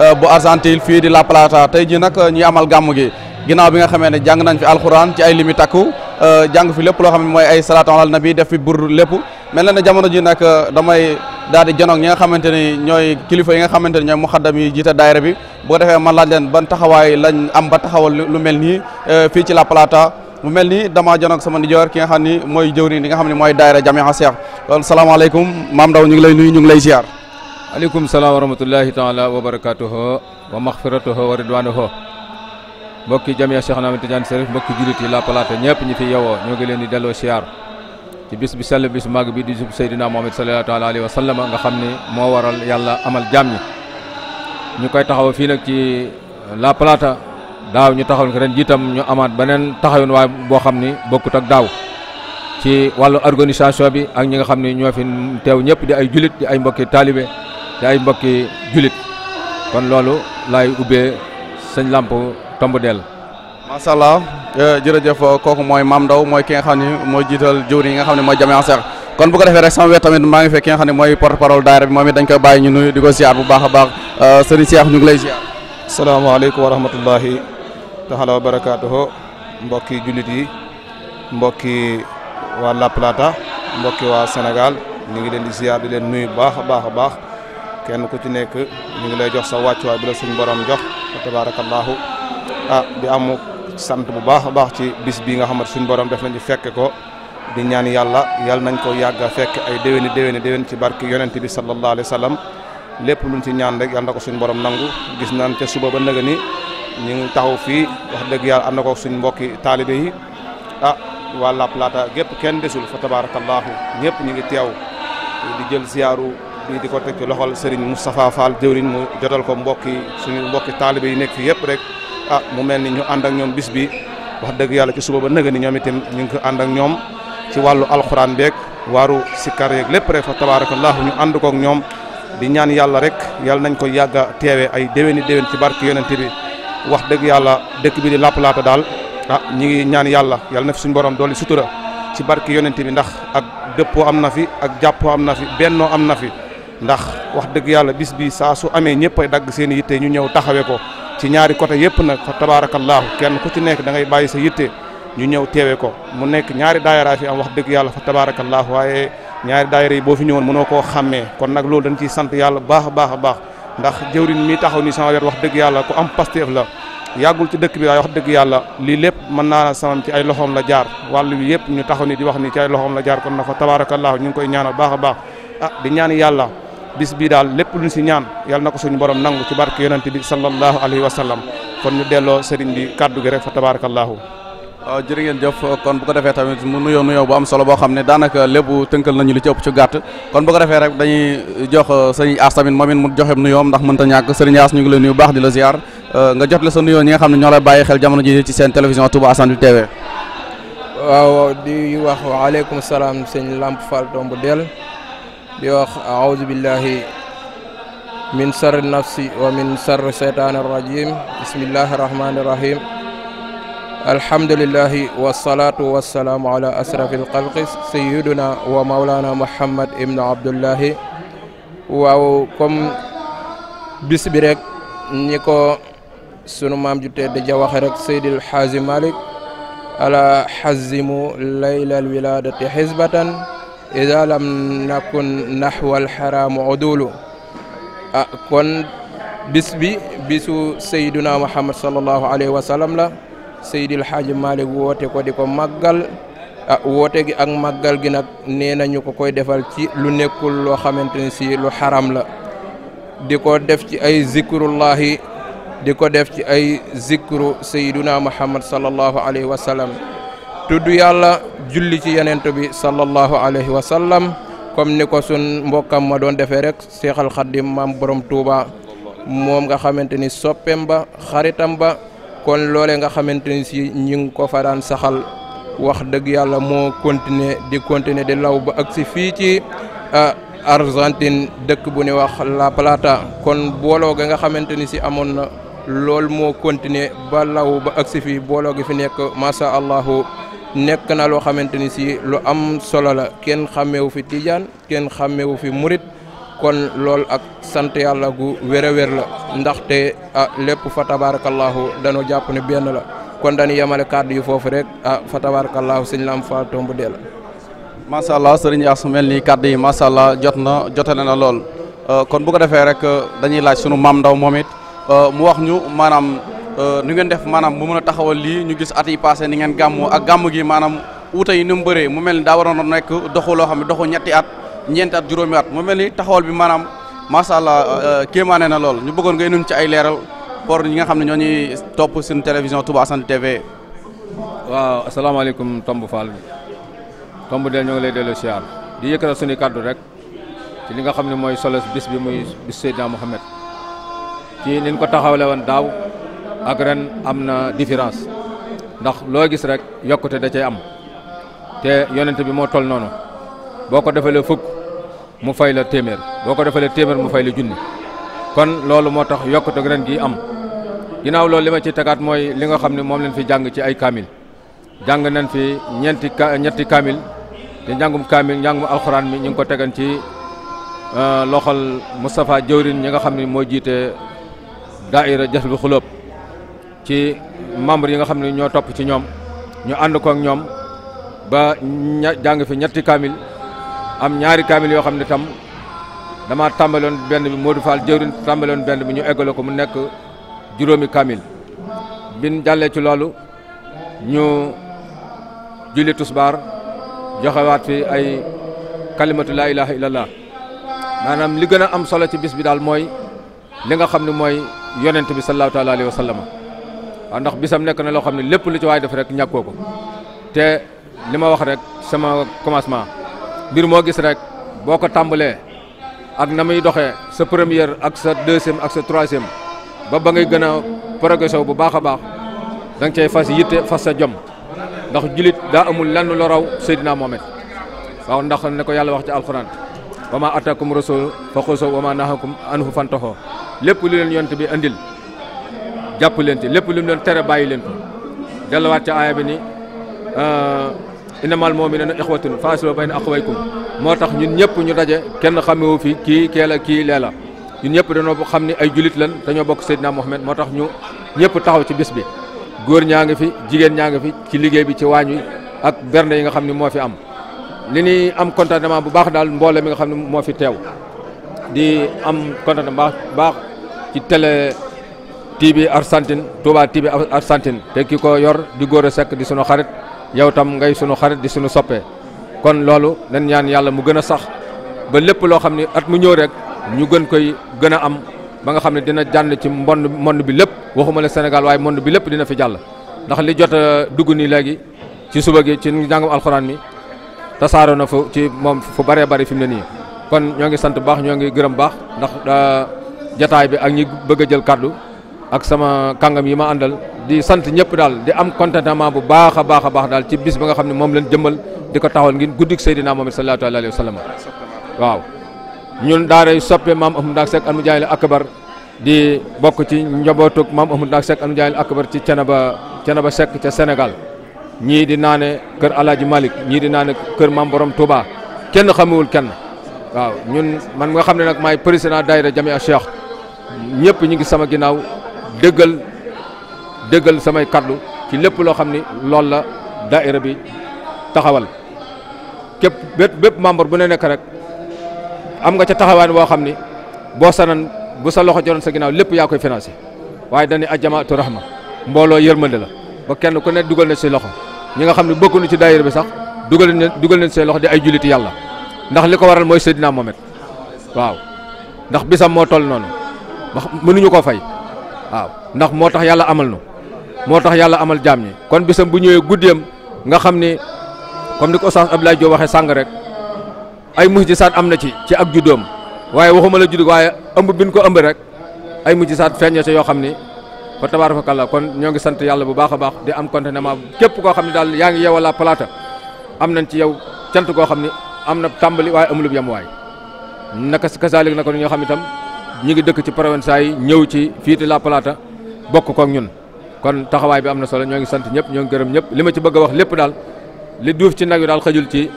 Euh, bu Argentine fii di La Plata tey ji nag euh, ñu amal gàmm gi ginnaaw bi nga xamee ne jàng nañ fi alxuraan ci ay limi takku euh, jàng fi lépp loo xam ne mooy ay salaatu ala nabi def fi bur lépp mel na ne jamono ji nag damay daal di janoog nga xamante ni ñooy kilifa yi nga xamante ni ñooy muxaddam yi jiite daayira bi boo ko defee man laaj leen ban taxawaay lañ am ba taxawal lu mel nii fii ci La Plata mu mel nii damaa janoog sama nijoor ki nga xam ni mooy jëwriñ li nga xam ne mooy daayira Jamiha Cheikh kon salaamaaleykum maam ñu ngi lay nuyu ñu ngi lay ziar aleykum salaam wa rahmatullahi taala wa barakatuho wa maxfiratuho wa ridwanuho mbokki jamia Cheikh Ahmed Tidiane Chérif mbokki jullit yi La Plata ñëpp ñi fi yewoo ñoo ngi leen di delloo siyaar ci bis bi sell bis màgg bi di jub Seydina Muhammad sallallahu taala alayhi wa sallama nga xam ni moo waral yàlla amal jaam ñi ñu koy taxaw fii nag ci La palaata daaw ñu taxawoon ko ren jiitam ñu amaat beneen taxawoon waaye boo xam ni bokkut ak daaw ci wàllu organisation bi ak ñi nga xam ne ñoo fi teew ñëpp di ay julit di ay te ay mbokki julit kon loolu laay ubbee sëñ làmp tomb dell macha allah eh, jërëjëf eh, kooku mooy maam ndaw mooy ki nga xam ne mooy jiital jëwri yi nga xam ne mooy jame anseex kon bu ko defee rek sama wet tamit maa ngi fekk ki nga xam ne mooy porte parole daayira bi moom it dañ koy bàyyi ñu nuyu di ko ziar bu baax a baax eh, sëriñ Cheikh ñu ngi lay ziar salaamaaleykum wa rahmatullahi taala wa barakaatuhu mbokki jullit yi mbokki waa La Plata mbokki waa Sénégal ñu ngi leen di ziar di leen nuyu baax a baax a baax kenn ku ci nekk ñu ngi lay jox sa wàccuwaay bi la suñ borom jox tabaarakallaahu ah di amu sant bu baax a baax ci bis bii nga xamante suñ borom def nañu fekk ko di ñaan yàlla yàlla nañ ko yàgg fekk ay déwéni déwéni déwén ci barke yonent bi sallallahu alayhi wa sallam lépp luñ ci ñaan rek yàlla na ko suñ borom nangu gis naan ca suba ba nëga ni ñu ngi taxaw fii wax dëgg yàlla am na ko suñ mbokki taalibe yi ah waa La Plata gépp kenn desul fa tabaarakallaahu ñëpp ñu ngi teew lépp ñu di ko teg ci loxol Serigne Moustapha Fall jëwriñ mu jotal ko mbokki suñu mbokki taalibe yi nekk fi yëpp rek a ah, mu mel ni ñu ànd ak ñoom bis bi wax dëgg yàlla ci suba ba nëga ni ñoom itam ñu ngi ko ànd ak ñoom ci wàllu alxuraan beeg waaru sikkar yeeg lépp rek fa tabaarakallaahu ñu ànd kook ñoom di ñaan yàlla rek yàlla nañ ko yàgg a teewe ay déwéni déwén ci barke yonente bi wax dëgg yàlla dëkk bi di lappalaata daal a ah, ñi ngi ñaan yàlla yàlla na fi suñu borom dolli sutura ci barke yonente bi ndax ak dëppoo am na fi ak jàppoo am na fi bennoo am na fi ndax wax dëgg yàlla bis bi saa su amee ñëpp ay dagg seen yitte ñu ñëw taxawee ko ci ñaari côté yëpp nag fa tabaarakallaahu kenn ku ci nekk da ngay bàyyi sa yitte ñu ñëw teewee ko mu nekk ñaari daayira fi am wax dëgg yàlla fa tabaarakallaahu waaye ñaari daayira yi boo fi ñëwoon mënoo koo xàmmee kon nag loolu dañ ciy sant yàlla baax a baax baax ndax jëwriñ mi taxaw ni sama wet wax dëgg yàlla ko am pasteef la yàggul ci dëkk bi waaye wax dëgg yàlla lii lépp mën naa samam ci ay loxoom la jaar wàllu bi yëpp ñu taxaw ni di wax ni ci ay loxoom la jaar kon na fa tabaarakallaahu ñu ngi koy ñaanal baax a baax ah di ñaan yàlla bis bi daal lépp luñ si ñaan yàlla na ko suñu borom nangu ci barke yonent bi sallallahu alayhi wa sallam kon ñu delloo sëriñ bi kàddu gi rek fa tabarakallahu waaw jërë ngeen jëf kon bu ko defee tamit mu nuyoo nuyoo bu am solo boo xam ne daanaka lépp tënkal nañu li ci ëpp kon bu ko defee rek dañuy jox uh, sëriñ As tamit moom it mu joxe nuyoom ndax mënta ñàkk sëriñ As ñu ngi lay nuyu baax di la ziar uh, nga jot la sa nuyoo ñi nga xam ne ñoo lay bàyyi xel jamono ji ci seen télévision Touba Argentine TV waaw di wax waaleykum salaam sëñ Lamp Fall Tomb Del di wax aawuzu billahi min sarri nafsi wa min sarri seytaani rajim bismillahi rahmaani rahim alhamdulillahi wasalaatu wasalaamu ala asrafi alxalqi sayiduna wa maulana muhammad ibnu abdullahi waaw comme bis bi rek ñi ko sunu maam ju tedd ja waxe rek seydil xaazi malik ala xazimu laylal wiladati xisbatan ida lam nakun naxwal xaraamu odulu ah kon bis bi bisu sayduna muhammad sallallahu alayhi wa sallam la seydil xaaji malik woote ko di ko màggal ah woote gi ak màggal gi nag nee na ñu ko koy defal ci lu nekkul loo xamante ne si lu xaram la di ko def ci ay zikrullahi di ko def ci ay zikru sayduna muhammad sallallahu alayhi wa sallam tudd yàlla julli ci yenent bi sallallahu alayhi wa sallam comme ni ko sun mbokkam ma doon defee rek seexal xaddim maam boroom Touba moom nga xamante ni soppeem ba xaritam ba kon loole nga xamante ni si ñi ngi ko fa daan saxal wax dëgg yàlla moo continuer di continuer di law ba ak si fii ci ah, Argentine dëkk bu ni wax La Plata kon booloo ga nga xamante ni si amoon na lool moo continuer ba law ba ak si fii booloo gi fi nekk macha allahu nekk na loo xamante ni si lu am solo la kenn xàmmeewu fi tijaan kenn xàmmeewu fi murit kon lool ak sant yàlla gu wér la ndaxte a ah, lépp fa tabaarakallaahu dañoo jàpp ne benn la kon dañu yemale kàddu yu foofu rek ah fa tabaarakallaahu sëñ Lam Fall Tomb dee la. macha allah sëriñ As mel ni kàdd yi masallah allah jot na jotale na lool euh, kon bu ko defee rek euh, dañuy laaj sunu maam ndaw moom euh, mu wax ñu maanaam. Euh, nu ngeen def maanaam mu mën a taxawal lii ñu gis at yi passé ni ngeen gàmmoo ak gàmm gi maanaam wuute yi ni mu bëree mu mel ni daa waroon nekk doxu loo xam ne doxu ñetti at ñeenti at juróomi at mu mel ni taxawal bi maanaam macha allah euh, kéemaane na lool ñu bëggoon ngay nun ci ay leeral pour ñi nga xam ne ñoo ñuy topp suñu télévision Touba Argentine TV. waaw asalaamaaleykum Tomb Fall bi Tomb del ñoo ngi lay delloo siyaar di yëkkata suñu kàddu rek ci li nga xam ne mooy solos bis bi muy bis Seydina ak ren am na différence ndax loo gis rek yokkute da cay am te yonent bi moo toll noonu boo ko defalee fukk mu fay la téeméer boo ko defalee téeméer mu fay la junni kon loolu moo tax yokkute ren gi am ginnaaw lool li ma ci tegaat mooy li nga xam ne moom leen fi jàng ci ay kaamil jàng nañ fi ñeenti ñetti kaamil te njàngum kaamil njàngum alxuraan mi ñu ngi ko tegan ci euh, loxol Moustapha Jawrin ñi nga xam ne moo jiite daaira Jasbul Xulóob ci membre yi nga xam ne ñoo topp ci ñoom ñu ànd ko ak ñoom ba ña jàng fi ñetti kaamil am ñaari kaamil yoo xam ne tam dama tàmbaloon benn bi Modou Fall tàmbaloon benn bi ñu eggale ko mu nekk juróomi kaamil bin jàllee ci loolu ñu julli tusbaar joxewaat fi ay kalimatu laa ilaha illallah maanaam li gën a am solo ci bis bi daal mooy li nga xam ne mooy yonent bi sallallahu taala alayhi wa ndax bisam nekk na loo xam ne lépp lu ci waay def rek ñàkkoo te li ma wax rek sama commencement mbir moo gis rek boo ko tàmbalee ak na muy doxe sa première ak sa deuxième ak sa troisième ba ba ngay gën a progressé bu baax a baax da nga fas yitte fas sa jom ndax julit daa amul nu lu raw naa Mohamed waaw ndax ne ko yàlla wax ci alxuraan wa ma atakum rasul fa xuso wa ma nahakum anhu fantaxoo lépp lu leen yonte bi andil jàpp leen ci lépp lu mu leen tere bàyyi leen ko delluwaat ci aaya bi ni euh, innamal mu'minuna ikhwatun fa aslihu bayna akhawaykum moo tax ñun ñëpp ñu daje kenn xamewu fi kii kee la kii lee la ñun ñëpp dañoo xam ni ay julit lan dañoo bokk Seydina Mohamed moo tax ñu ñëpp taxaw ci bis bi góor ñaa ngi fi jigéen ñaa ngi fi ci liggéey bi ci waañ wi ak bernde yi nga xam ne moo fi am li ñuy am contentement bu baax daal mboole mi nga xam ne moo fi teew di am contentement baax TV Argentine Touba TV Argentine te ki ko yor di góor a sekk di sunu xarit yow tam ngay sunu xarit di suñu soppe kon loolu dañ ñaan yàlla mu gën a sax ba lépp loo xam ne at mu ñëw rek ñu gën koy gën a am ba nga xam ne dina jànn ci mbon monde bi lépp waxuma la Sénégal waaye monde bi lépp dina fi jàll ndax li jot a dugg nii léegi ci suba gi ci njàngum alxuraan mi tasaaroo na fu ci moom fu bëree bëri fi mu ne nii kon ñoo ngi sant baax ñoo ngi gërëm baax ndax euh, jataay bi ak bëgg a jël kàddu ak sama kàngam yi ma àndal di sant ñëpp daal di am contentement bu baax a baax a baax daal ci bis ba nga xam ne moom leen jëmmal di ko taxawal ngir guddik Seydina Muhammad sallallahu alayhi wa sallam waaw ñun daaray soppe maam Ahmadou Ndack Seck Almadiyah al akbar di bokk ci njabootuk maam Ahmadou Ndack Seck Almadiyah al akbar ci Cenaba Cenaba Seck ca Sénégal ñii di naane kër Alaaji malik ñii di naane kër maam Borom Touba kenn xamewul kenn waaw ñun man nga xam ne nag maay président daayira Jamia Cheikh ñëpp ñu ngi sama ginnaaw dëggal dëggal samay kaddu ci lépp loo xam ni loolu la daaira bi taxawal képp bépp bépp membre bu ne nekk rek am nga ca taxawaan woo xam ni boo sanan bu sa loxo joroon sa ginnaaw lépp yaa koy financé waaye dañuy ajamaatu rahma mbooloo yërmande la ba kenn ku ne dugal na loxo ñi nga xam ne bokkuñu ci daayira bi sax dugal nañ dugal nañ see loxo di ay julliti yàlla ndax li ko waral mooy Seydina moomet waaw ndax bisam moo toll noonu wax mënuñu koo fay waaw ndax moo tax yàlla amal nu moo tax yàlla amal jaam ñi kon bisam bu ñëwee guddeem nga xam ni comme ni ko ab Abdoulaye Diop waxee sàng rek ay mujjisaat am na ci ci ak juddoom waaye waxuma la judd waaye ëmb bin ko ëmb rek ay mujjisaat feeñee sa yoo xam ni fa tabaarakallaa kon ñoo ngi sant yàlla bu baax a baax di am contentement képp koo xam ne daal yaa ngi yeewal laa palaata am nañ ci yow cant koo xam ni am na tàmbali waaye amulub yem waay naka si kasaalik na ko ñu ngi dëkk ci Provença yi ñëw ci fii ci La palaata bokk kook ñun kon taxawaay bi am na solo ñoo ngi sant ñëpp ñoo ngi gërëm ñëpp li ma ci bëgg a wax lépp daal li duuf ci nag yu daal xajul ci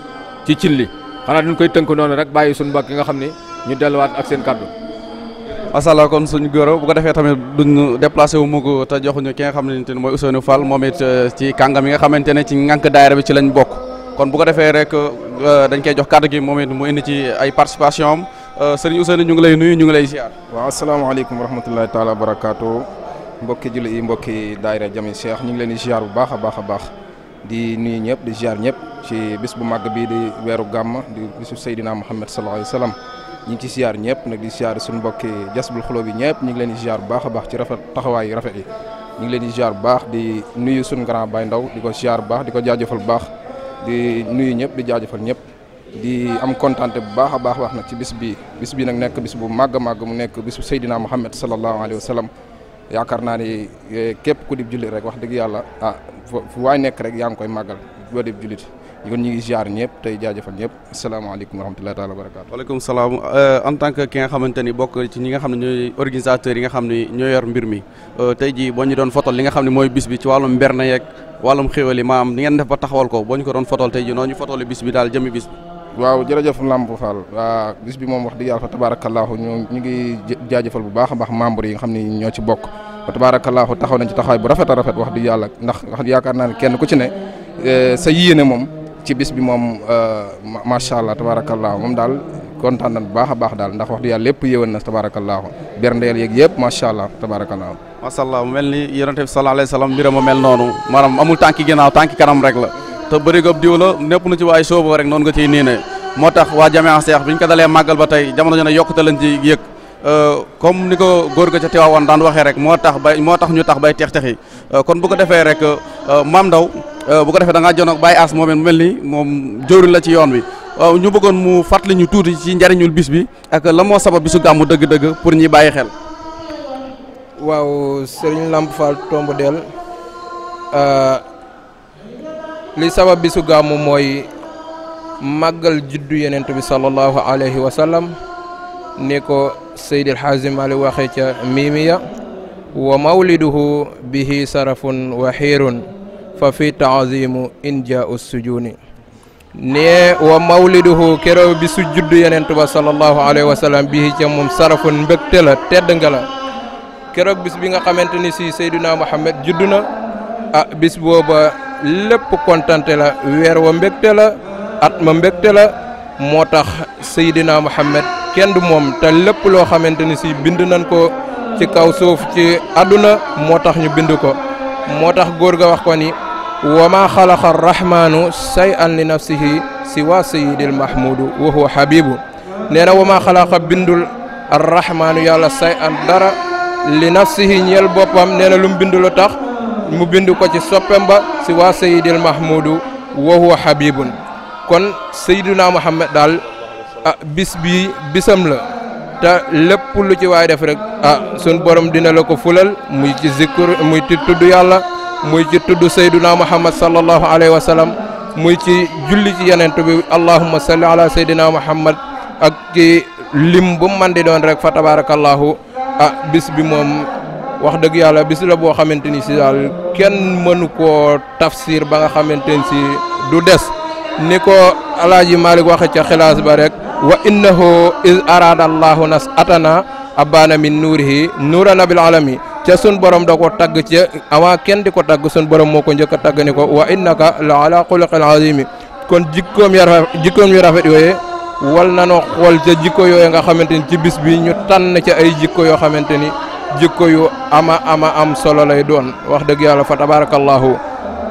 ci cin li xanaa duñ koy tënk noonu rek bàyyi suñu mbokk yi nga xam ne ñu delluwaat ak seen kàddu masala kon suñu góor bu ko defee tamit duñ déplacé wu mug te joxuñu ki nga xamante ne mooy Ousseynou Fall moom it euh, ci kàngam yi nga xamante ne ci ngànk daayira bi ci lañ bokk kon bu ko defee rek euh, dañ koy jox kàddu gi moom it mu indi ci ay participation Euh, sëriñ Ousseynou ñu ngi lay nuyu ñu ngi lay ziar. waaw asalaamaaleykum wa rahmatulahi taala wa barakaatu mbokki julli yi mbokki daayira Jami Cheikh ñu ngi leen di ziar bu baax a baax a baax di nuyu ñëpp di ziar ñëpp ci bis bu màgg bii di weeru gàmm di bisu Seydina Muhammad sallallahu alayhi wa sallam ñu ci ziar ñëpp nag di ziar suñu mbokki jasbul xulóo bi ñëpp ñu ngi leen di ziar bu baax a baax ci rafet taxawaay yu rafet yi ñu ngi leen di ziar bu baax di nuyu suñu grand baay Ndaw di ko ziar bu baax di ko jaajëfal bu baax di nuyu ñëpp di jaajëfal ñëpp di am kontante bu baax a baax wax na ci biss bi bis bi nag nekk bis bu màgg a màgg mu nekk bisu Seydina Muhammad sallallahu alayhi wa sallam yaakaar naa ni e, képp ku di jullit rek wax dëgg yàlla ah fu waay nekk yaa ngi koy màggal di jullit kon ñu ngi ziar ñëpp tey jaajëfal ñëpp asalaamaaleykum wa rahmatullahi taala wa barakaatu. waaleykum salaam euh, en tant ki nga xamante ni bokk ci ñi nga xam ne ñooy organisateurs yi nga xam ne ñoo yor mbir mi euh, tey jii boo ñu doon fotal li nga xam ne mooy bis bi ci wàllum mberne yeeg wàllum xéwal yi maam ni def ba taxawal ko boo ñu ko doon fotal tey jii noo ñu fotali bis bi daal jëmi bis waaw jërëjëf Lamp Fall waa bis bi moom wax dëgg yàlla fa tabaarakallaahu ñu ñu ngi jaajëfal bu baax a baax membre yi nga xam ni ñoo ci bokk fa tabaarakallaahu taxaw na ci taxawaay bu rafet a rafet wax dëgg yàlla ndax yaakaar naa ne kenn ku ci ne eh, sa yéene moom ci bis bi moom eh, macha allah tabaarakallaahu moom daal kontaan nañ bu baax a baax daal ndax wax dëgg yàlla lépp yéwén na tabaarakallaahu berndeel yeeg yëpp macha allah tabaarakallaahu macha allah mu mel ni yonente bi sallallaahu alayhi wa sallam mbira mu mel noonu maanaam amul la te bërigob diw la népp nu ci waay soobu rek noonu nga ciy nii ne moo tax waa jamaa seex bi ñu ko dalee màggal ba tey jamono ñu ne yokkute lañ ci yëg euh, comme ni ko góor ga ca Tiwaawan daan waxee rek moo tax bay moo tax ñu tax bay tex texi euh, kon bu ko defee rek euh, maam ndaw bu ko defee da ngaa jonoog Baye As moomeen mel ni moom jëwriñ la ci yoon wi waaw ñu bëggoon mu fàttali ñu tuuti ci njariñul bis bi ak la moo sabab bisu gàmmu dëgg-dëgg pour ñi bàyyi xel. waaw Serigne Lamp Fall Tombou Del. li sabab bi su gàmmu mooy màggal juddu yenent bi sallallahu alayhi wa ni ko Seydil Xaaji Maalik waxee ca miimiya wa mawliduhu bihi sarafun wa fa fi taazimu inja u sujuni nee wa mawliduhu keroog bi su juddu yenent ba sallallahu alayhi wa sallam bihi ca moom sarafun mbégte tedd nga keroog bis bi nga xamante ni si Seydina Muhammad juddu na ah bis booba lépp kontante la weer wa mbégte la at ma mbégte la moo tax Seydina Muhammad kenn du moom te lépp loo xamante ni si bind nañ ko ci kaw suuf ci àdduna moo tax ñu bind ko moo tax góor ga wax ko ni wa ma xalaqa arrahmanu say an li nafsihi siwa sayidil mahmudu wa huwa habibu wa ma xalaqa bindul arrahmaanu yàlla say an dara li nafsihi ñeel boppam nee na lu mu bind tax mu bind ko ci soppem ba si waa sayidil mahmudu wa huwa habibun kon sayiduna muhammad daal ah bis bisam la te lépp lu ci waay def rek ah sun borom dina la ko fulal muy ci zikr muy ci tudd yàlla muy ci tudd sayduna muhammad sallallahu alayhi wa muy ci julli ci yenent bi allahumma salli ala saydina muhammad ak ci lim bu man di doon rek fa tabarakallahu ah bis bi moom wax dëgg yàlla a la boo xamante ni si daal kenn mënu koo tafsir ba nga xamante ni si du des ni ko alaaji Malick waxe ca xilaas ba rek wa innahu iz arada allahu nas atana abana min nuurihi nuuran nabil alami ca sun borom da ko tagg ca avant kenn di ko tagg sun borom moo ko njëkk a tagg ni ko wa innaka la ala xuluqil azimi kon jikkoom ya rafet jikkoom yu rafet yooye wal nanoo xool ca jikko yooye nga xamante ci bis ñu tànn ca ay jikko yoo xamante ni jikko yu ama ama am solo lay doon wax dëgg yàlla fa tabarakallahu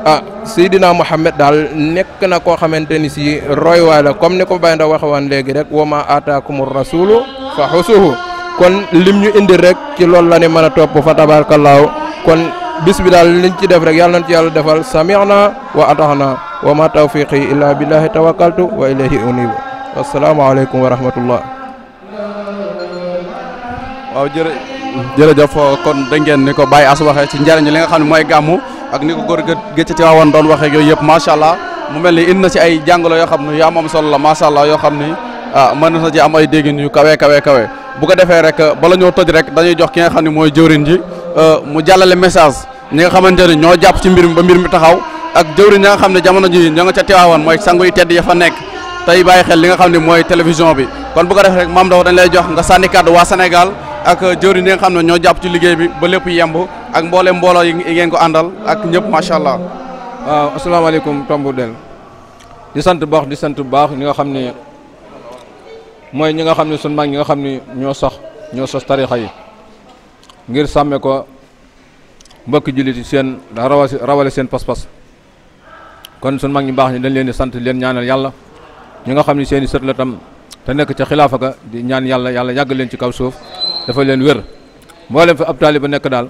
ah Seydina Muhammad daal nekk na koo xamante ni si roywaay la comme ni ko Baye Ndaw waxe woon léegi rek wa ma aataakumu rasulu fa xusuhu kon lim ñu indi rek ci loolu la ne mën a topp fa tabarakallahu kon bis bi daal liñ ci def rek yàlla na ci yàlla defal sami'na wa ataxna wa ma tawfiqi illaa billahi tawakkaltu wa ilayhi unibu assalaamu aleykum wa rahmatullah jërëjëf kon da ngeen ni ko bàyyi Ass waxee ci njariñ li nga xam ne mooy gàmmu ak ni ko góor gë ci Tiwaawan doon waxee yooyu yëpp macha allah mu mel ni indi ci ay jàngalo yoo xam ne yu am am la macha allah yoo xam ni ah mën na ci am ay déggin yu kawe kawe bu ko defee rek bala ñoo tëj rek dañuy jox ki nga xam ne mooy jëwriñ ji euh, mu jàllale message ni nga xamante ni ñoo jàpp ci mbir mi ba mbir mi taxaw ak jëwriñ ñi nga xam ne jamono ji ñoo nga ca Tiwaawan mooy sangu yu tedd ya fa nekk tey bàyyi xel li nga xam ne mooy télévision bi kon bu ko defee rek maam daw dañ lay jox nga sànni kàddu waa Sénégal ak jëwriñ yi nga xam ne ñoo jàpp ci liggéey bi ba lépp yemb ak mbooleem mbooloo yi ngeen ko àndal ak ñëpp macha allah. waaw asalaamaaleykum Tombou Del di sant baax di sant baax ñi nga xam ne mooy ñi nga xam ne sunu mag ñi nga xam ni ñoo sax ñoo sos tarixa yi ngir sàmmee ko mbokki jullit yi seen rawal seen pas-pas kon sunu mag ñi baax ñi dañ leen sant leen ñaanal yàlla ñu nga xam ne seen i sët la tam te nekk ca xilaafa ga di ñaan yàlla yàlla yàgg leen ci kaw suuf. dafa leen wér mboolem fi ab taaliba nekk daal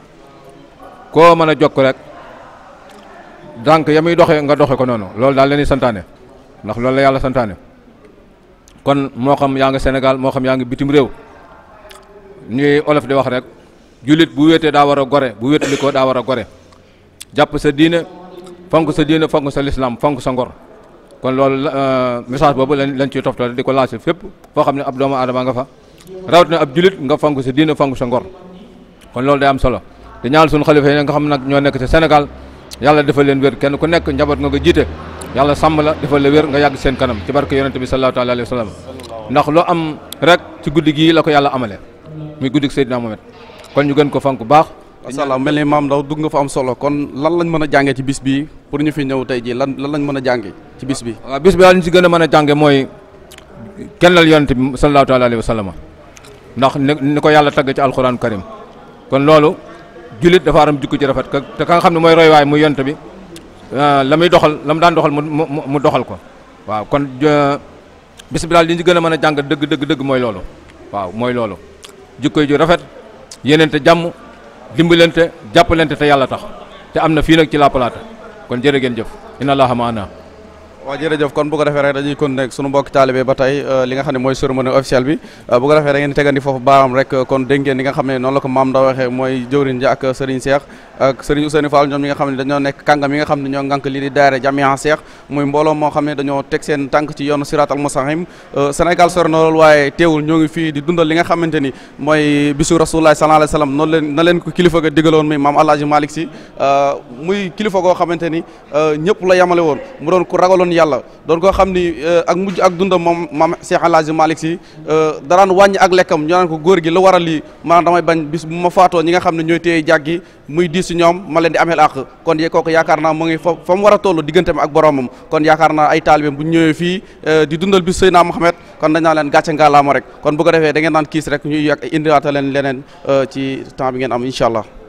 koo mën a jokk rek dànk ya muy doxe nga doxe ko noonu loolu daal leen santaane ndax loolu la yàlla santaane kon moo xam yaa ngi senegal moo xam yaa ngi bitim réew ñuy olof di wax rek jullit bu wéetee daa war a gore bu wéetali ko daa war a gore jàpp sa diine fonk sa diine fonk sa lislaam fonk sa ngor kon loolu euh, message boobu lañ lañ ciy toftal di ko laaj fépp foo xam ne ab doomu aadama nga fa rawatina ab julit nga fonk sa diina fonk sa ngor kon loolu day am solo di ñaanal suñu xalifa yi nga xam nag ñoo nekk ci Sénégal yàlla defal leen wér kenn ku nekk njaboot nga ko jiite yàlla sàmm la defal la wér nga yàgg seen kanam ci barke yonente bi sallallahu loo am rek ci guddi la ko yàlla amale muy guddi Seydina Mohamed kon ñu gën ko fonk baax asalaam mel ni maam ndaw dugg nga fa am solo kon lan lañ mën a jànge ci bis bi pour ñu fi ñëw tey ji lan lan lañ mën a jànge ci bis bi waaw bis bi daal a mën a jànge mooy kennal yonente bi sallallahu taala alayhi wa sallam ndax ni ko yàlla tagg ci alxuraanu karim kon loolu jullit dafa aram jikko ci rafet te ka nga xam ne mooy roy waay mu yont bi euh, la muy doxal la mu daan doxal mu mu doxal ko waaw kon bis bi daal di ñu gën a mën a jàng dëgg dëgg dëgg mooy loolu waaw mooy loolu jikko ju rafet yéeneente jàmm dimbalante jàppalante te yàlla tax te am na fii nag ci La kon jërë gen jëf inna allaha maana waaw jërëjëf kon bu ko defee rek dañuy continuer ak sunu mbokki taalibe ba tey euh, li nga xam ne mooy cérémonie officielle bi euh, bu ko defee da ngeen tegandi foofu baaraam rek euh, kon dégg ngeen li nga xam ne noonu la ko maam ndaw mooy jëwriñ ji ak Serigne Cheikh ak Serigne Ousseynou Fall ñoom ñi nga xam ne dañoo nekk kàngam yi nga xam ne ñoo ngànk lii di daare Jamia Cheikh muy mbooloo moo xam ne dañoo teg seen tànk ci yoonu sirat al mustaqim Sénégal sori na lool waaye teewul ñoo ngi fii di dundal li nga xamante ni mooy bisu rasulullah sallallahu alayhi wasallam noonu leen na leen ko kilifa ga digaloon muy maam Alhaji Malick Sy muy kilifa goo xamante ni ñëpp la yamale woon yàlla doon koo xam ni euh, ak mujj ak dundam moom maam Cheikh El Hadj Malick Sy euh, daraan wàññi ak lekkam ñu naan ko góor gi la waral lii maanaam damay bañ bis ma faatoo ñi nga xam ne ñooy téye jàggi muy diis si ñoom ma leen di ameel àq kon kooku yaakaar naa mu ngi fa war a toll digganteem ak boromam kon yaakaar naa ay taalibeem bu ñëwee fii euh, di dundal bis am Mohamed kon dañ leen leen gàcce ngalaama rek kon bu ko defee da ngeen naan kiis rek ñu indiwaata leen leneen ci temps ngeen am incha allah